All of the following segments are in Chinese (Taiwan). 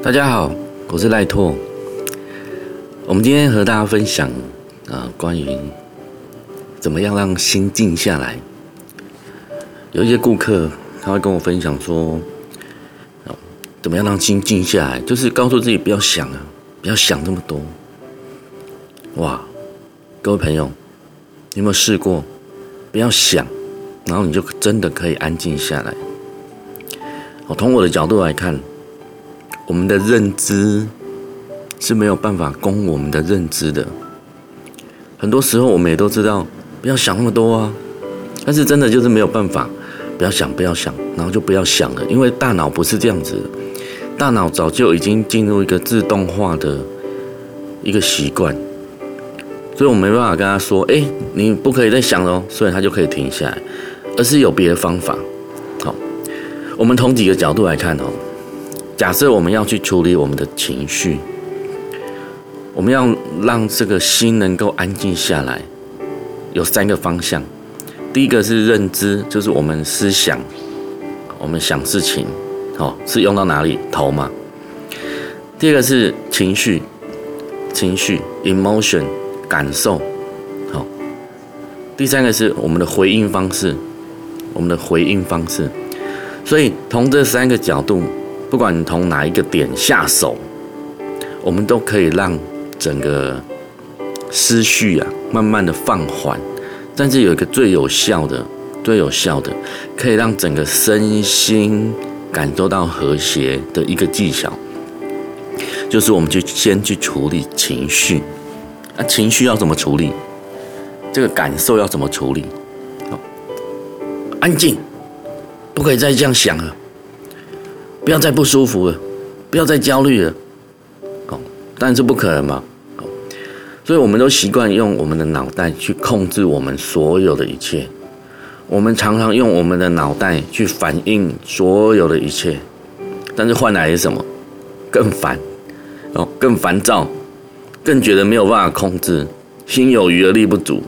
大家好，我是賴拓。我們今天和大家分享啊，關於怎麼樣讓心靜下來。有一些顧客他會跟我分享說，啊、怎麼樣讓心靜下來，就是告訴自己不要想啊，不要想那麼多。哇，各位朋友，你有沒有試過不要想，然後你就真的可以安靜下來？我、啊、從我的角度來看。我們的認知是沒有辦法供我們的認知的。很多時候我們也都知道，不要想那麼多啊。但是真的就是沒有辦法，不要想，不要想，然後就不要想了，因為大腦不是這樣子的。大腦早就已經進入一個自動化的一個習慣，所以，我沒辦法跟他說，哎，你不可以再想了哦，所以他就可以停下來，而是有別的方法。好，我們從幾個角度來看哦。假設我們要去處理我們的情緒，我們要讓這個心能夠安靜下來，有三個方向。第一個是認知，就是我們思想，我們想事情，好，是用到哪裡頭嘛？第二個是情緒，情緒 （emotion） 感受，好。第三個是我們的回應方式，我們的回應方式。所以，從這三個角度。不管你從哪一個點下手，我們都可以讓整個思緒啊慢慢的放緩。但是有一個最有效的、最有效的，可以讓整個身心感受到和諧的一個技巧，就是我們去先去處理情緒。那、啊、情緒要怎麼處理？這個感受要怎麼處理？好，安靜，不可以再這樣想了。不要再不舒服了，不要再焦慮了，哦，但是不可能嘛，所以我們都習慣用我們的腦袋去控制我們所有的一切，我們常常用我們的腦袋去反映所有的一切，但是換來的是什麼？更煩，哦，更煩躁，更覺得沒有辦法控制，心有餘而力不足，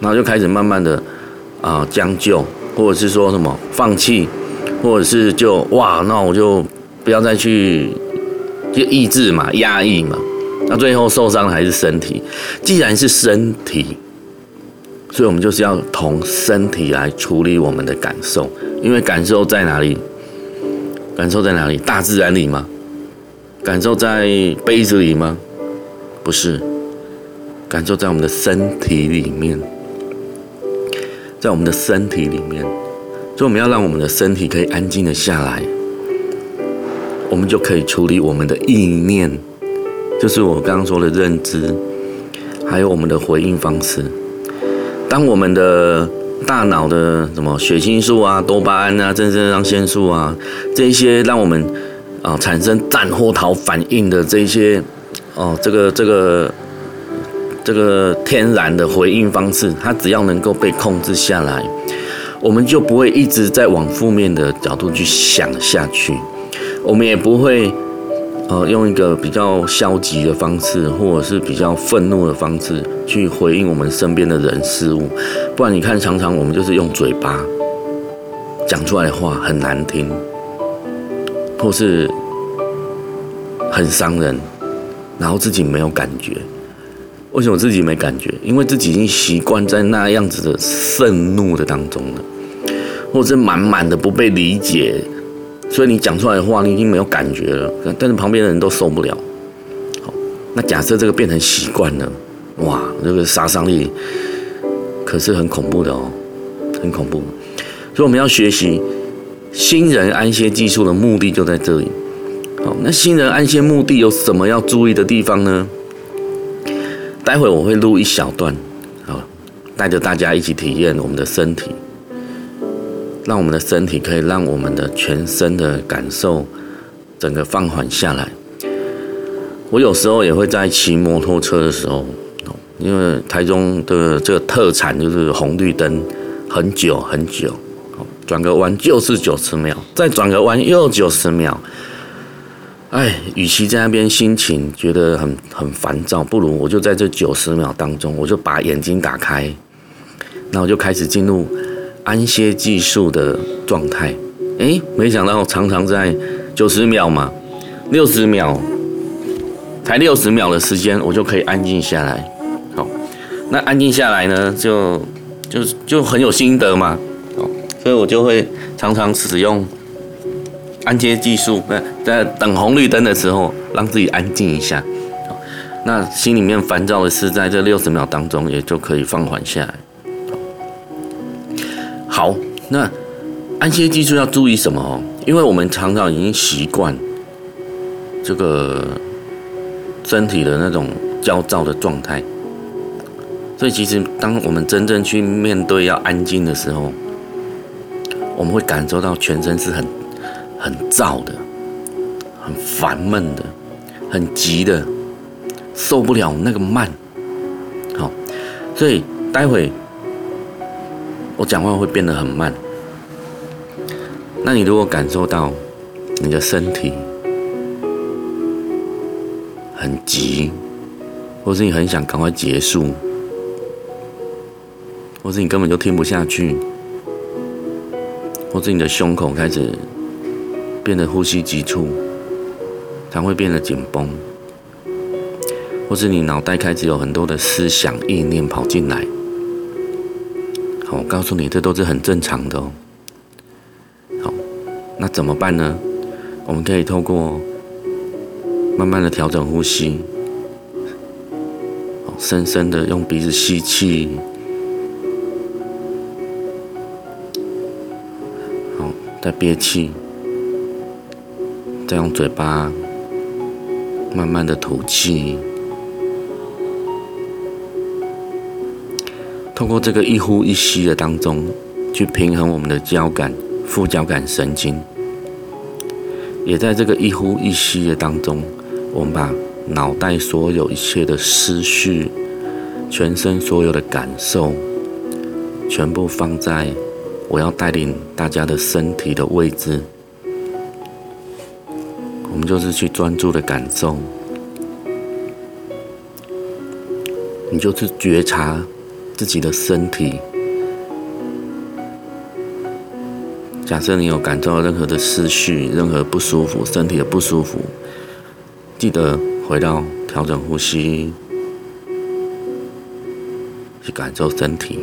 然後就開始慢慢的啊將就，或者是說什麼放棄。或者是就哇，那我就不要再去就抑制嘛、壓抑嘛，那最後受傷的還是身體。既然是身體，所以我們就是要同身體來處理我們的感受，因為感受在哪裡？感受在哪裡？大自然裡嗎？感受在杯子裡嗎？不是，感受在我們的身體裡面，在我們的身體裡面。所以我們要讓我們的身體可以安靜的下來，我們就可以處理我們的意念，就是我剛剛說的認知，還有我們的回應方式。當我們的大腦的什麼血清素啊、多巴胺啊、正腎上腺素啊，這一些讓我們啊、呃、產生戰或逃反應的這一些哦、呃，這個這個這個天然的回應方式，它只要能夠被控制下來。我們就不會一直在往負面的角度去想下去，我們也不會，呃，用一個比較消極的方式，或者是比較憤怒的方式去回應我們身邊的人事物。不然你看，常常我們就是用嘴巴講出來的話很難聽，或是很傷人，然後自己沒有感覺。為什麼我自己沒感覺？因為自己已經習慣在那樣子的憤怒的當中了，或者滿滿的不被理解，所以你講出來的話，你已經沒有感覺了。但是旁邊的人都受不了。好，那假設這個變成習慣了，哇，那，這個殺傷力可是很恐怖的哦，很恐怖。所以我們要學習新人安歇心人安歇技術的目的就在這裡。好，那心人安歇目的有什麼要注意的地方呢？待會我會錄一小段，好，帶着大家一起體驗我們的身體，讓我們的身體可以讓我們的全身的感受整個放緩下來。我有時候也會在騎摩托車的時候，因為台中的這個特產就是紅綠燈，很久很久，轉個彎就是九十秒，再轉個彎又九十秒。哎，與其在那邊心情覺得很很煩躁，不如我就在這九十秒當中，我就把眼睛打開，那我就開始進入安歇技術的狀態。哎、欸，沒想到我常常在九十秒嘛，六十秒，才六十秒的時間，我就可以安靜下來。好，那安靜下來呢，就就就很有心得嘛。哦，所以我就會常常使用。安歇技術，呃，在等紅綠燈的時候，讓自己安靜一下。那心裡面煩躁的事在這六十秒當中，也就可以放緩下來。好，那安歇技術要注意什麼哦？因為我們常常已經習慣這個身體的那種焦躁的狀態，所以其實當我們真正去面對要安靜的時候，我們會感受到全身是很很燥的，很煩悶的，很急的，受不了那個慢。好，所以待會我講話會變得很慢。那你如果感受到你的身體很急，或是你很想趕快結束，或是你根本就聽不下去，或是你的胸口開始。變得呼吸急促，才會變得緊繃，或是你腦袋開始有很多的思想意念跑進來。好，我告訴你，這都是很正常的哦。好，那怎麼辦呢？我們可以透過慢慢的調整呼吸，好，深深的用鼻子吸氣，好，再憋氣。再用嘴巴慢慢的吐氣，通過這個一呼一吸的當中，去平衡我們的交感、副交感神經，也在這個一呼一吸的當中，我們把腦袋所有一切的思緒、全身所有的感受，全部放在我要帶領大家的身體的位置。我們就是去專注的感受，你就是覺察自己的身體。假設你有感受到任何的思緒、任何不舒服、身體的不舒服，記得回到調整呼吸，去感受身體。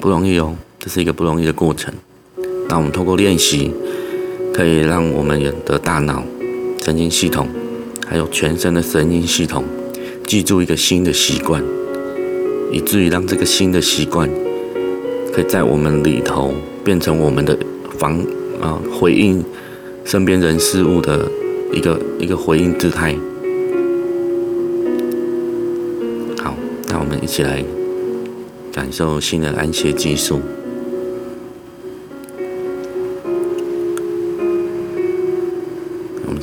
不容易哦，這是一個不容易的過程。那我們透過練習。可以讓我們人的大腦、神經系統，還有全身的神經系統，記住一個新的習慣，以至於讓這個新的習慣，可以在我們裡頭變成我們的防啊，回應身邊人事物的一個一個回應姿態。好，那我們一起來感受新的安歇技術。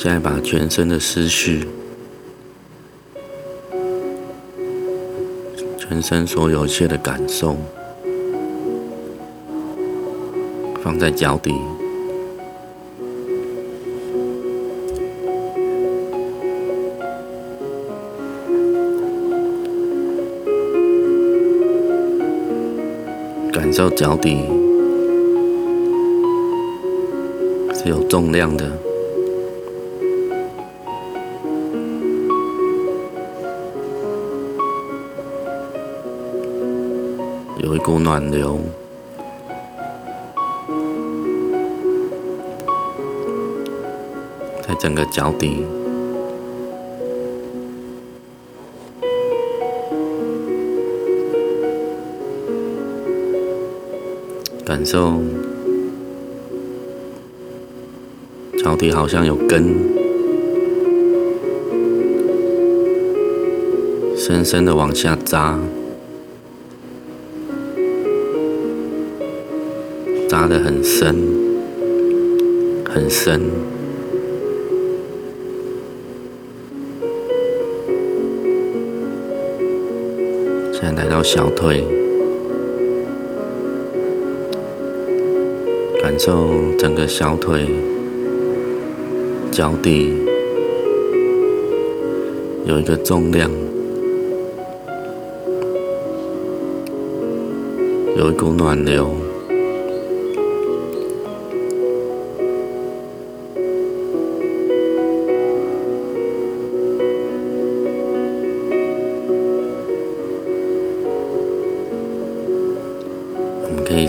現在把全身的思緒、全身所有一切的感受，放在腳底，感受腳底是有重量的。有一股暖流，在整個腳底感受，腳底好像有根，深深的往下扎。紮得很深，很深。現在來到小腿，感受整個小腿、腳底有一個重量，有一股暖流。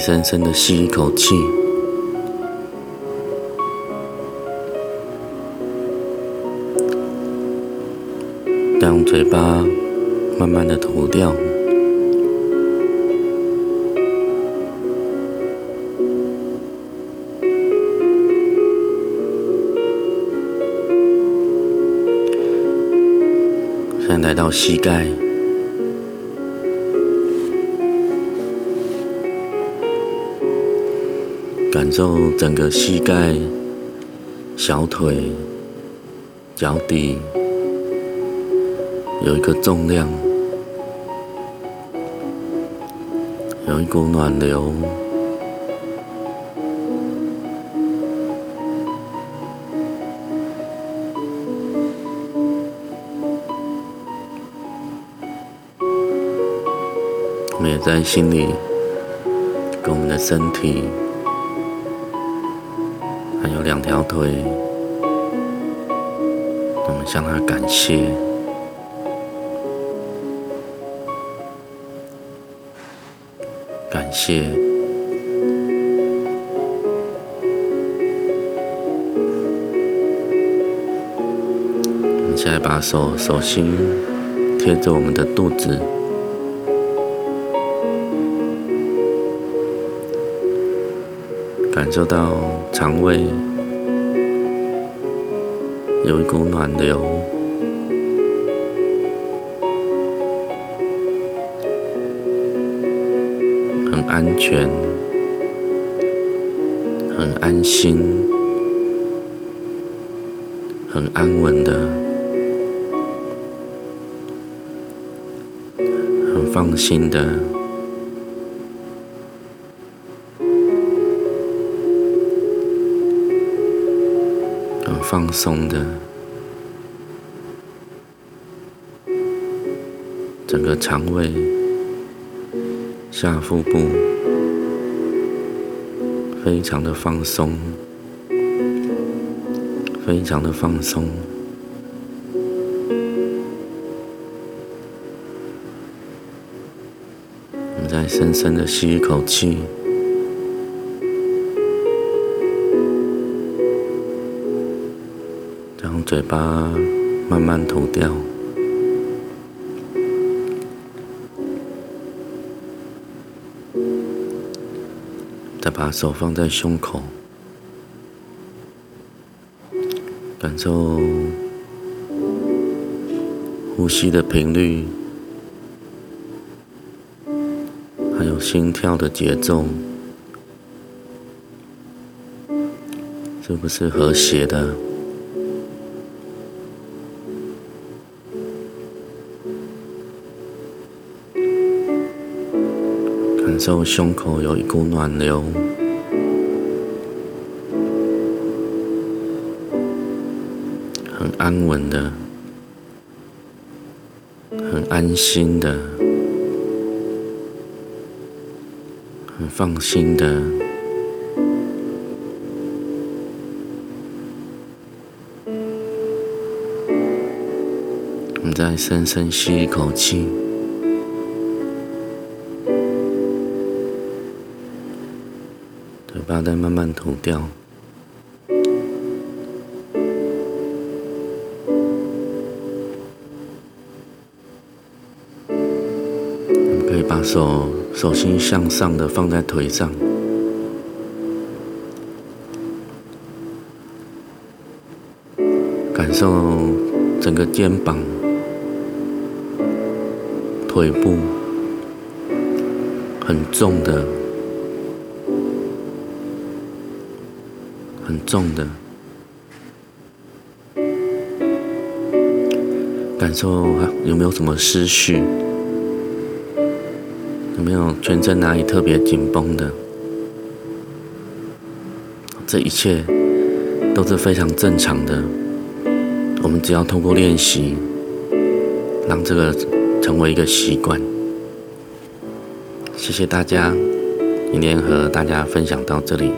深深的吸一口氣，再用嘴巴慢慢的吐掉，現在來到膝蓋。感受整個膝蓋、小腿、腳底有一個重量，有一股暖流，我們也在心裡跟我們的身體。兩條腿，我們向他感謝，感謝。我們現在把手手心貼着我們的肚子，感受到腸胃。有一股暖流，很安全，很安心，很安穩的，很放心的。放鬆的，整個腸胃、下腹部，非常的放鬆，非常的放鬆。我們再深深的吸一口氣。嘴巴慢慢吐掉，再把手放在胸口，感受呼吸的頻率，還有心跳的節奏，是不是和諧的？在我胸口有一股暖流，很安穩的，很安心的，很放心的。你再深深吸一口氣。再慢慢吐掉。你可以把手手心向上的放在腿上，感受整個肩膀、腿部很重的。很重的感受，有沒有什麼思緒？有沒有全身哪裡特別緊繃的？這一切都是非常正常的。我們只要通過練習，讓這個成為一個習慣。謝謝大家，今天和大家分享到這裡。